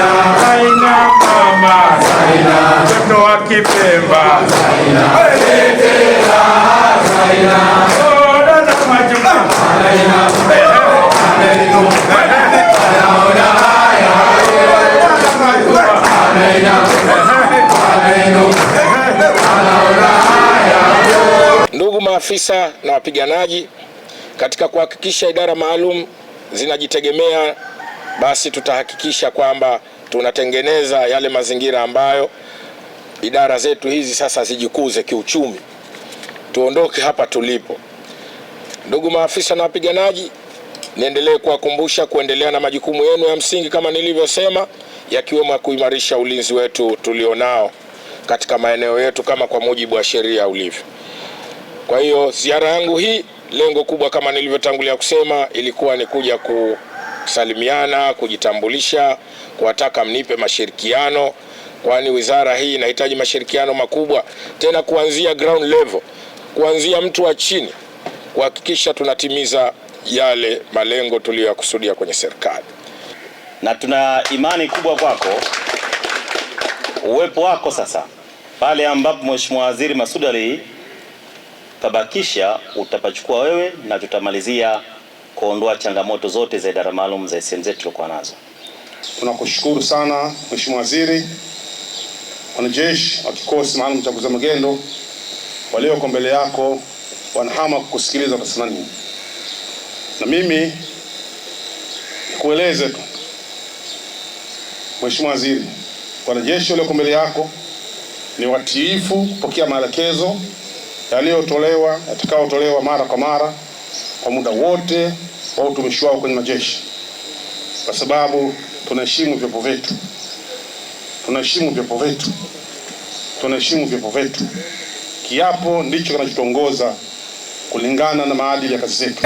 haina mama mtoto wa Kipemba oh, Ndugu maafisa na wapiganaji, katika kuhakikisha idara maalum zinajitegemea basi tutahakikisha kwamba tunatengeneza yale mazingira ambayo idara zetu hizi sasa zijikuze kiuchumi, tuondoke hapa tulipo. Ndugu maafisa na wapiganaji, niendelee kuwakumbusha kuendelea na majukumu yenu ya msingi kama nilivyosema, yakiwemo kuimarisha ulinzi wetu tulionao katika maeneo yetu kama kwa mujibu wa sheria ulivyo. Kwa hiyo ziara yangu hii, lengo kubwa kama nilivyotangulia kusema, ilikuwa ni kuja ku kusalimiana, kujitambulisha, kuwataka mnipe mashirikiano, kwani wizara hii inahitaji mashirikiano makubwa, tena kuanzia ground level, kuanzia mtu wa chini, kuhakikisha tunatimiza yale malengo tuliyoyakusudia kwenye serikali. Na tuna imani kubwa kwako, uwepo wako sasa pale ambapo Mheshimiwa Waziri masudali Ali tabakisha, utapachukua wewe na tutamalizia kuondoa changamoto zote za idara maalum za SMZ tulikuwa nazo. Tunakushukuru sana Mheshimiwa Waziri, wanajeshi wa kikosi maalum cha kuzuia magendo walioko mbele yako wanahama kukusikiliza kwa sanani, na mimi nikueleze tu Mheshimiwa Waziri, wanajeshi walioko mbele yako ni watiifu kupokea maelekezo yaliyotolewa yatakayotolewa mara kwa mara kwa muda wote wa utumishi wao kwenye majeshi, kwa sababu tunaheshimu vyopo vyetu, tunaheshimu vyopo vyetu, tunaheshimu vyopo vyetu. Kiapo ndicho kinachotuongoza kulingana na maadili ya kazi zetu.